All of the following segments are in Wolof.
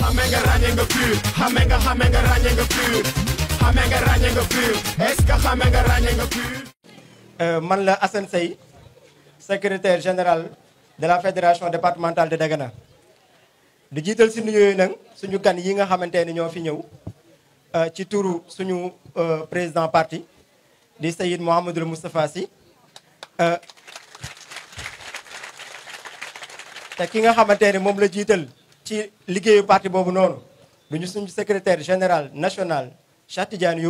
xamee nga ràññee nga pur xamee nga ràññee nga pur xamee nga nga ràññee nga pur man la Assane Seye secrétaire général de la fédération départementale de Dagana di jiital si nuyooyu nag suñu kan yi nga xamante ni ñoo fi ñëw euh, ci turu suñu euh, président parti di Seyid Mouhamadoul mustafa si euh, te ki nga xamante ni moom la jiital ci liggéeyu parti boobu noonu du ñu suñu secrétaire général national Cheikh Tidiane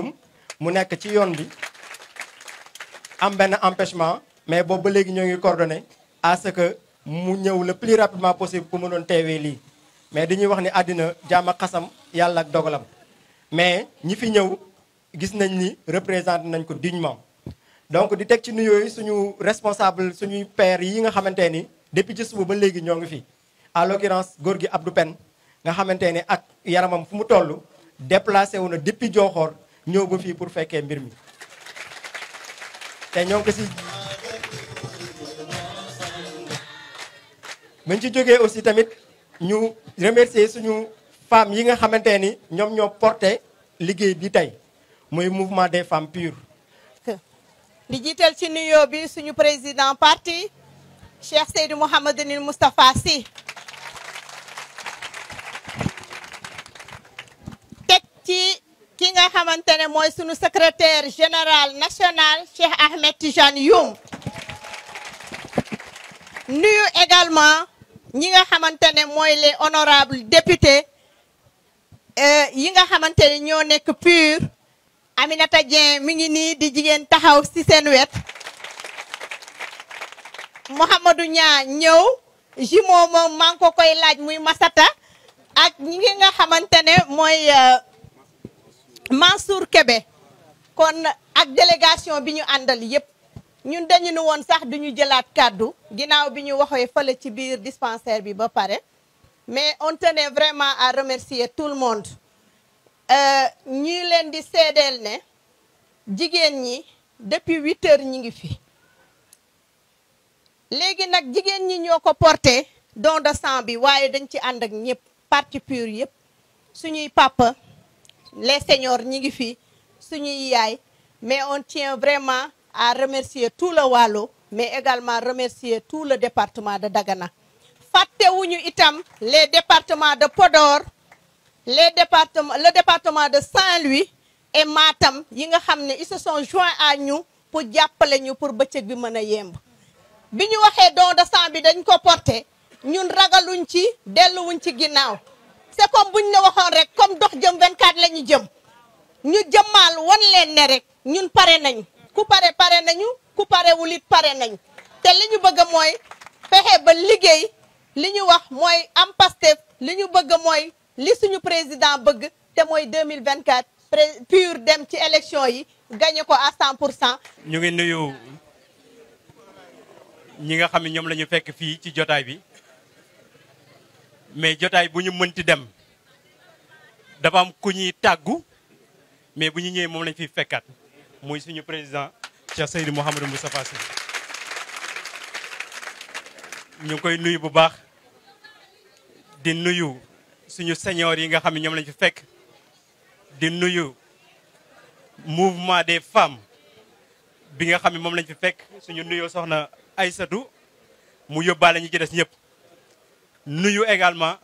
mu nekk ci yoon bi am benn empêchement mais boobu ba léegi ñoo ngi coordonné à ce que mu ñëw le plus rapidement possible pour doon teewee lii mais dañuy wax ni àddina jaam xasam yàlla ak dogalam mais ñi fi ñëw gis nañ ni représente nañ ko dignement donc di teg ci nuyooyu suñu responsable suñuy père yi nga xamante ni depuis ci suba ba léegi ñoo ngi fi à l'occurrence góor gi Abdou Pen nga xamante ne ak yaramam fu mu toll déplacé wu na depuis Diokhor ñëw ba fii pour fekkee mbir mi te ñoo ngi si buñ ci jógee aussi tamit ñu remercier suñu femmes yi nga xamante ni ñoom ñoo porté liggéey bi tey muy mouvement des femmes pures di jiital ci nuyoo bi suñu président parti Cheikh Seydou Mouhamadou Moustapha si nga suis le secrétaire général national Cheikh Ahmed tijane nous également ñi nga les honorables députés euh, yi nga xamantene ñoo PUR Aminata Dieng mi ngi nii di jigéen taxaw ci muy Masata ak ñi nga Mansour Kébé kon ak délégation biñu andal yépp ñun dañu ñu won sax duñu jëlat cadeau ginaaw biñu ñu fele ci biir dispensaire bi ba paré mais on tenait vraiment à remercier tout le monde euh ñi leen di sédel né jigen ñi depuis 8h ñi ngi fi légui nak jigen ñi ñoko porter don de sang bi waye dañ ci and ak ñëpp parti pur yépp suñuy papa les seigneurs, ñi ngi mais on tient vraiment à remercier tout le WALO, mais également remercier tout le département de Dagana itam les départements de Podor les départements le département de Saint-Louis et Matam ils se sont joints à nous pour nous appeler pour nous bi mëna don de sang bi dañ ko porté ñun ragaluñ ci c'est comme buñ la waxoon rek comme dox jëm 24 la ñu jëm ñu jëmmaal wan leen ne rek ñun pare nañu ku pare pare nañu ku pare wul it pare nañu te li ñu bëgg mooy fexe ba liggéey li ñu wax mooy am Pastef li ñu bëgg mooy li suñu président bëgg te mooy 2024 pur dem ci élection yi gagné ko à cent pour cent. ñu ngi nuyu ñi nga xam ne ñoom la ñu fekk fii ci jotaay bi. mais jotaay bu ñu mënti dem dafa am ku ñuy tàggu mais bu ñu ñëwee moom lañ fiy fekkaat muy suñu président ca Cheikh Seydou Mouhamadou Moustapha Sy ñu ngi koy nuyu bu baax di nuyu suñu seniors yi nga xam ne ñoom lañ fi fekk di nuyu mouvement des femmes bi nga xam ne moom lañ fi fekk suñu nuyoo soxna Aïssatou mu yóbbaale ñu ci des ñëpp nuyu également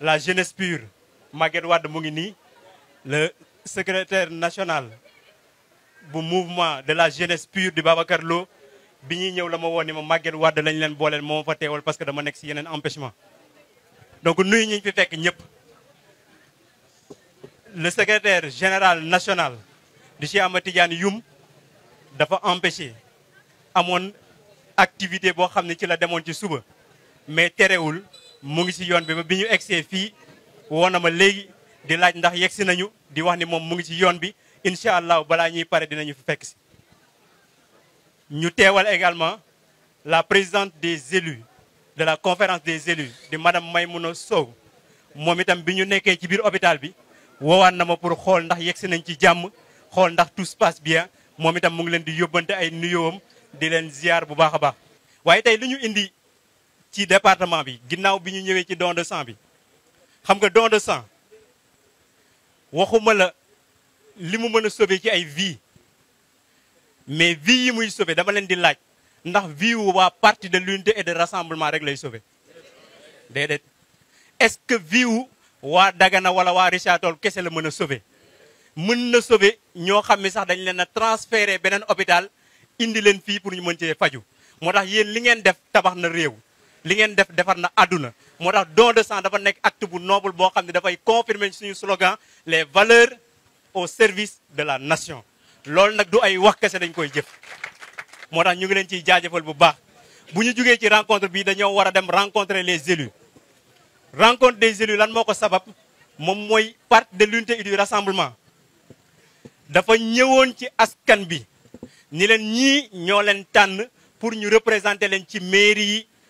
la jeunesse pure le secrétaire national du mouvement de la jeunesse pure de Babacar Lo bi ñuy la jeunesse pure ni lañ fa parce que dama nekk ci yenen empêchement donc nous ñi fi fekk ñep le secrétaire général national de Cheikh Ahmed Tidiane Youm dafa empêché mon activité bo xamni ci la démon ci mais téréwul mu ngi ci yoon bi bi ñu egsee fii woon na di laaj ndax yegsi nañu di wax ni moom ci bi incha allah balaa ñuy dinañu fi fekk ñu également la présidente des élus de la conférence des élus de madame Maimouna Sow moom itam bi ñu nekkee ci biir hôpital bi woowaan pour xool ndax yegsi nañ ci jàmm xool ndax tout se passe bien moom itam mu ngi leen di yóbbante ay nuyoowam di leen ziar bu baax baax indi ci département bi ginnaw bi ñu ñëwee ci don de sang bi xam nga don de sang waxuma la limu mëna sauver ci ay vie mais vie yi muy sauver dama leen di laaj ndax vie wu parti de l'unité et de rassemblement rek lay sauver déedéet est-ce que vie wu waa Dagana wala wa Richard kessé la mëna sauver mën na sauver ño xam sax dañ leen transféré beneen hôpital indi leen fi pour ñu mën cee faju motax yeen li ngeen def tabax na réew li ngeen def defar na àdduna moo don de sang dafa nek acte bu noble bo xamni da fay confirmer suñu slogan les valeurs au service de la nation lol nak du ay wax kese dañ koy jëf moo ñu ngi len ci jaajeufal bu baax buñu ñu ci rencontre bi dañoo wara dem rencontrer les élus rencontre des élus lan moko sabab mom moy part de l'unité et du rassemblement dafa ñëwoon ci askan bi ni len ñi ño len tànn pour ñu représenter len ci mairie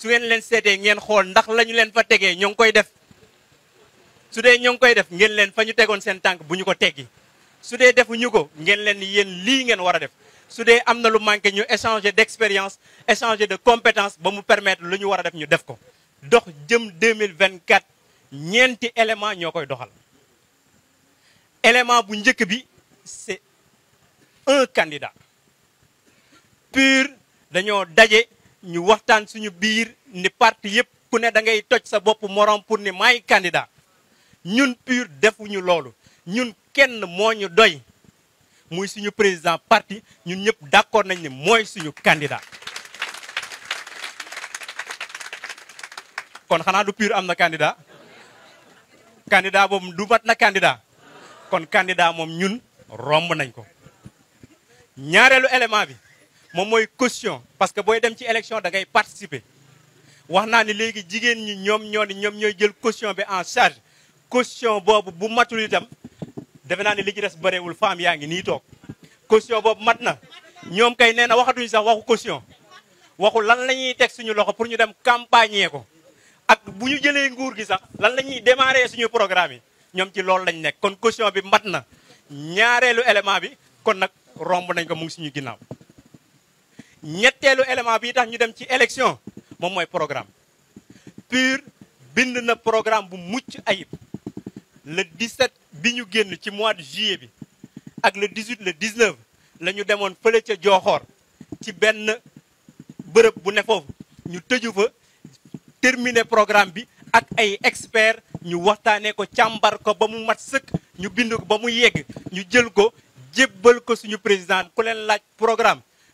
su len leen seetee xol ndax lañu len fa tegee ñong koy def su dee ñoo koy def ngeen len fañu ñu sen tank buñu ko téggi su dee defuñu ko ngeen leen yéen lii ngeen def su dee lu manké ñu échanger d'expérience échanger de compétences, ba mu permettre luñu wara def ñu def ko dox jëm 2024 ñenti élément ñokoy doxal élément bu njëkk bi c'est un candidat pur dañoo dajé. ñu waxtaan suñu biir ni parti yépp ku ne da ngay toj sa bopp morom pour ni may candidat ñun pur defuñu loolu ñun kenn moo ñu doy muy suñu président parti ñun ñëpp d'accord nañ ni mooy suñu candidat kon xanaa du pur amna na candidat candidat boobu du mat na candidat kon candidat moom ñun romb nañ ko ñaareelu élément bi moom mooy caution parce que booy dem ci élection da ngay participer wax naa ni léegi jigéen ñi ñoom ñoo ni ñoom ñooy jël caution bi en charge caution boobu bu matul itam defe naa ni li ci des bëreewul yaa ngi nii toog caution boobu mat na ñoom kay nee na waxatuñu sax waxu caution waxu lan la ñuy teg suñu loxo pour ñu dem campagne ko ak bu ñu jëlee nguur gi sax lan la ñuy démarrer suñu programme yi ñoom ci loolu lañ nekk kon caution bi mat na ñaareelu élément bi kon nag romb nañ ko mu ngi ginnaaw ñetteelu élément bi tax ñu dem ci élection mom moy programme PUR bind na programme bu mucc ayib le 17 bi ñu génn ci mois de juillet bi ak le 18 le 19 lañu démon feulé ci joxor ci ben bërëb bu ne fofu ñu tëju fa terminer programme bi ak ay expert ñu waxtané ko càmbar ko ba mu mat sëkk ñu bind ko ba mu yegg ñu jël ko jébbal ko suñu président ku leen laaj programme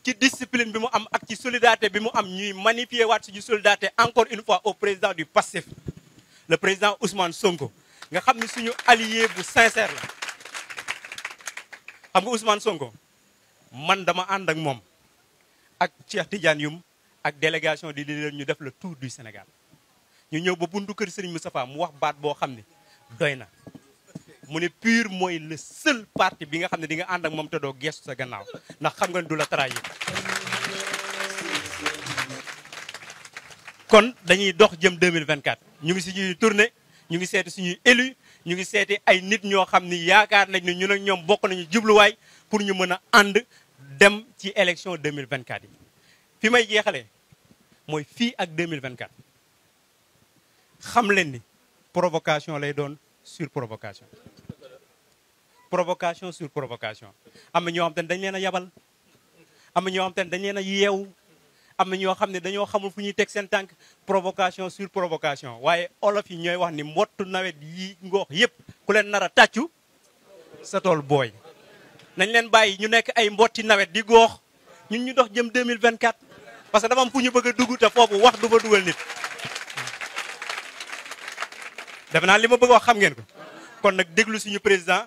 ci discipline bi mu am ak ci solidarité bi mu am ñuy magnifier wat ci solidarité encore une fois au président du PASTEF le président Ousmane Sonko nga xamni suñu allié bu sincère la xam nga Ousmane Sonko man dama and ak mom ak Cheikh Tidiane Youm ak délégation di leen ñu def le tour du Sénégal ñu ñëw ba buntu kër Serigne Moustapha mu wax baat bo xamni doyna na mu ne pure mooy le seul parti bi nga xam ne di nga ànd ak moom te doo gestu sa gannaaw ndax xam nga ne du la trahir kon dañuy dox jëm 2024 ñu ngi suñuy tournée ñu ngi seeti suñuy élu ñu ngi seeti ay nit ñoo xam ni yaakaar nañ ne ñu ak ñoom bokk nañu jubluwaay pour ñu mën a ànd dem ci élection 2024 yi fi may jeexale mooy fii ak 2024 xam leen ni provocation lay doon sur provocation provocation sur provocation am ñoo xam tane dañ leena yabal am ñoo xam tane dañ leena yew. yeewu am ñoo xam ne dañoo xamul fu ñuy teg seen tànk provocation sur provocation waaye olof yi ñooy wax ni mbottu nawet yi ngoox yépp ku leen nar a tàccu sa tool booy nañ leen bàyyi ñu nekk ay mbotti nawet di goox ñun ñu dox jëm 2024 parce que dafa am fu ñu bëgg a dugg te foofu wax du ba dugal nit defe naa li ma bëgg wax xam ngeen ko kon nag déglu suñu président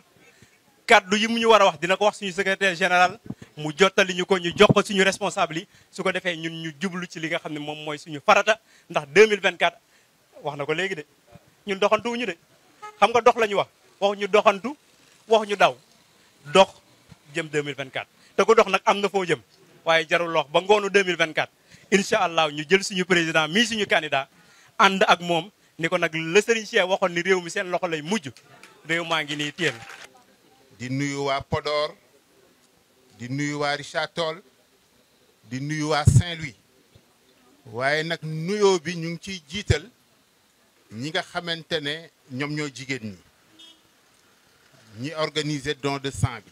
kàddu yi mu ñu war a wax dina ko wax suñu secrétaire général mu jottali ñu ko ñu jox ko suñu responsable yi su ko defee ñun ñu jublu ci li nga xam ne moom mooy suñu farata ndax mille 2024 wax na ko léegi de ñun ñu de xam nga dox la ñu wax wax ñu doxantu wax ñu daw dox jëm 2024 te ku dox nag am na foo jëm waaye jarul loox ba ngoonu 2024 incha allah ñu jël suñu président mii suñu candidat ànd ak moom ni ko nag la Serigne Cheikh ni réew mi seen loxo lay mujj réew maa ngi nii téel di nuyu waa podoor di nuyu waa Richard tool di nuyu waa Saint-Louis waaye nag nuyoo bi ñu ngi ciy jiital ñi nga xamante ne ñoom ñoo jigéen ñi ñi organiser don de sang bi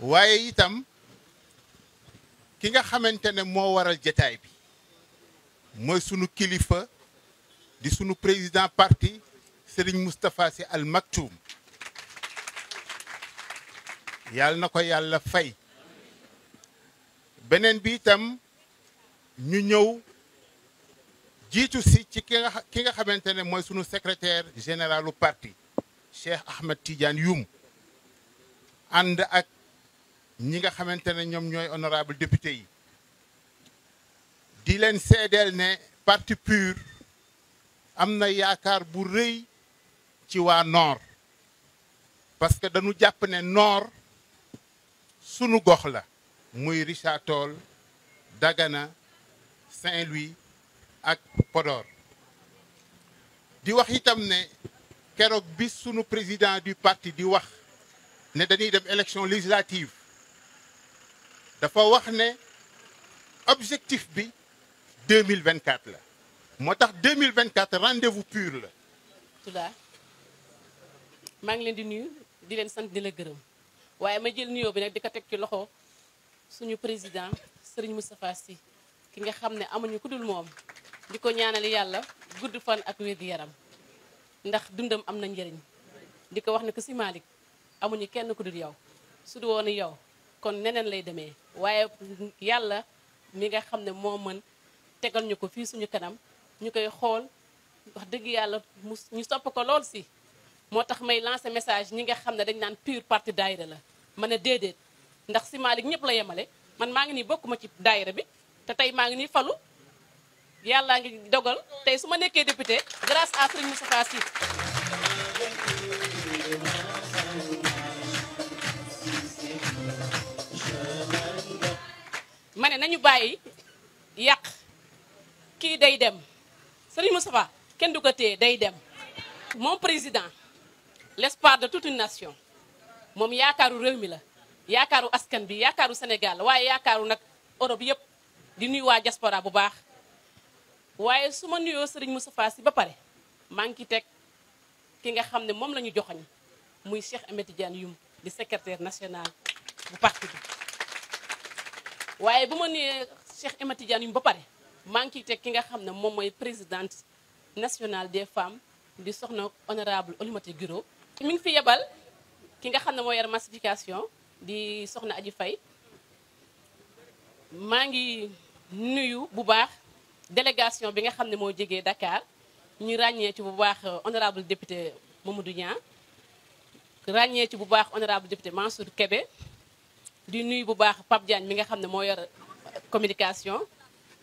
waaye itam ki nga xamante ne moo waral jataay bi mooy sunu kilifa di sunu président parti Serigne Moustapha c'est Al Maktoum yàlla na fay Benen bi ñu ci ki nga parti Cheikh Ahmed Tidiane Youm And ak ñi nga honorable député yi di parti PUR amna yakar bu reuy ci wa nord parce que dañu japp né nord sunu gox la muy Richard Toll Dagana Saint-Louis ak Podor di wax itam né kérok bis sunu président du parti di wax ne dañuy dem élection législative dafa wax né objectif bi 2024 motax 2024 rendez-vous pur la. Tula maa ngi leen di nuyu di leen sante di la gërëm waye ma jël nuyoo bi nak di ko ci loxo suñu président Serigne Moustapha Sy ki nga xam ne amuñu ku mom diko ñaanal yalla gudd fan ak wér yaram ndax dundam am na njëriñ diko wax ne ko si malik amuñu kenn ku yow su du yow kon nenen lay démé waye yalla, mi nga xam mo moo tégal ñuko fi suñu kanam. ñu koy xool wax deug yalla ñu sopp ko lol si motax may lancer message ñi nga xamne dañ nan pure parti daayira la mané dedet ndax si malik ñëpp la yemalé man ma ngi ni bokuma ci daayira bi té tay ma ngi ni falu yalla nga dogal tey suma ma député grâce à Serigne Moustapha Sy mané nañu bayyi yak ki day dem Serigne Moustapha ken du côté day dem mon président l'espoir de toute une nation mom ya rewmi la ya askan bi yaakaaru Sénégal waye yaakaaru nak Europe yépp di nuyu wa diaspora bu baax waye suma ma Serigne Moustapha Sy ba paré manki tek ki nga xamné mom lañu la muy Cheikh amadou Tidiane yum di secrétaire national bu parti waye buma bu Cheikh amadou Tidiane yum ba paré maa ngi ciy teg ki nga présidente nationale des femmes di soxna honorable Oulimata Guiro mi ngi fi yebal ki nga xam ne moo massification di soxna Aji Faye Mangi nuyu bu baax délégation bi nga xam ne moo Dakar ñu ràññee ci bu baax honorable député Mamadou Niang Ragné ci bu baax honorable député Mansour Kébé di nuyu bu baax Pape Diagne mi nga xam mo yor communication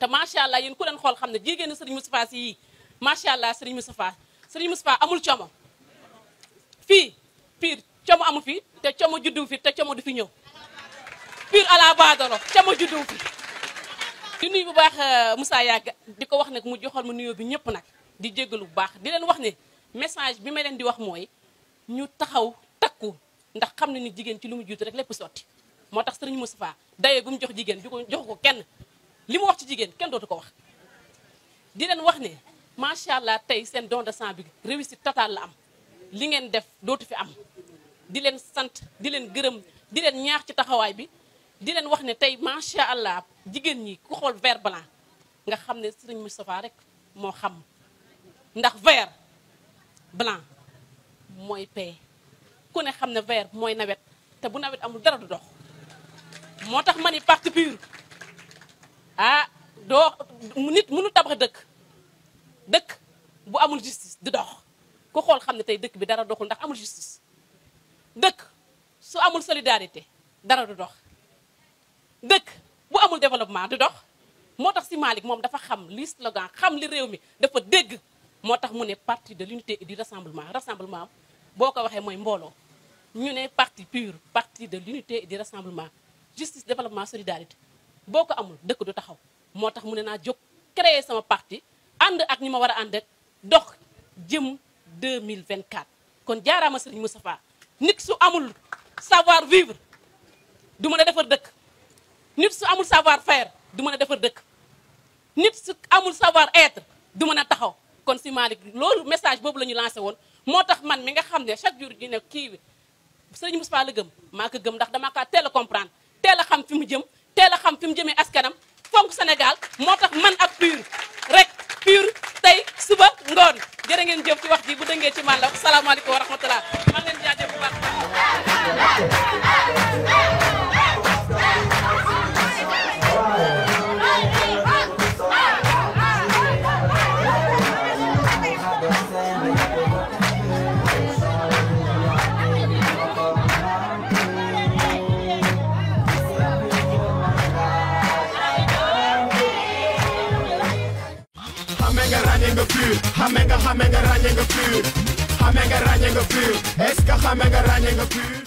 te macha allah yéen ku leen xool xam ne jigéenu sëriñ Moustapha si yii macha allah sëriñ Moustapha sëriñ Moustapha amul como fii pire como amu fi te como juddu fi te como du fi ñëw pire à la baadolo como juddu fi di nuyu bu baax euh, Moussa Yàgg di ko wax nag mu joxoon ma nuyoo bi ñëpp nag di jégalu bu baax di leen wax ne message bi ma leen di wax mooy ñu taxaw takku ndax xam ne ni jigéen ci lu mu jiitu rek lépp sotti moo tax sëriñ Moustapha dayee bu jox jigéen jox ko kenn li mu wax ci jigéen kenn dootu ko wax di leen wax ne macha allah tey seen don de sang bi réussite totale la am li ngeen def dootu fi am di leen sant di leen gërëm di leen ñaax ci taxawaay bi di leen wax ne tey macha allah jigéen ñi ku xool vert blanc nga xam ne sëriñ Moustapha rek moo xam ndax vert blanc mooy paix ku ne xam ne vert mooy nawet te bu nawet amul dara du dox moo tax ma ni parti pur ah doo nit mënu tabax deuk deuk bu amul justice dedans. dox ku xool xam ne tey bi dara doxul ndax amul justice deuk su amul solidarité dara du dox deuk bu amul développement du dox motax si malik mom dafa xam li slogan xam li réew mi dafa dégg motax tax mu ne parti de l'unité et du rassemblement rassemblement boko waxe moy mbolo mooy ñu ne parti pur parti de l'unité et du rassemblement justice développement solidarité boko amul dekk du taxaw motax tax mu créer sama parti anda ak ñima wara war ak dox jëm 2024 kon jaarama Serigne Moustapha nit su amul savoir vivre du meuna defer nipsu nit su amul savoir faire du meuna defer nipsu nit su amul savoir être du meuna taxaw kon si malik lolu message bobu lañu lancer won motax man mi nga xamne chaque jour ñu ne kii Serigne Moustapha le gem maa ko ndax dama ka comprendre xam fi mu jëm teel a xam fi mu jëmee askanam fonk Sénégal moo tax man ak pur rek pur tey suba ngoon jërë ngeen jëf ci wax ji bu dëngee ci man la salaamaaleykum wa rahmatullah xame nga ràññee nga pur xame nga ràññee nga pur est-ce que xame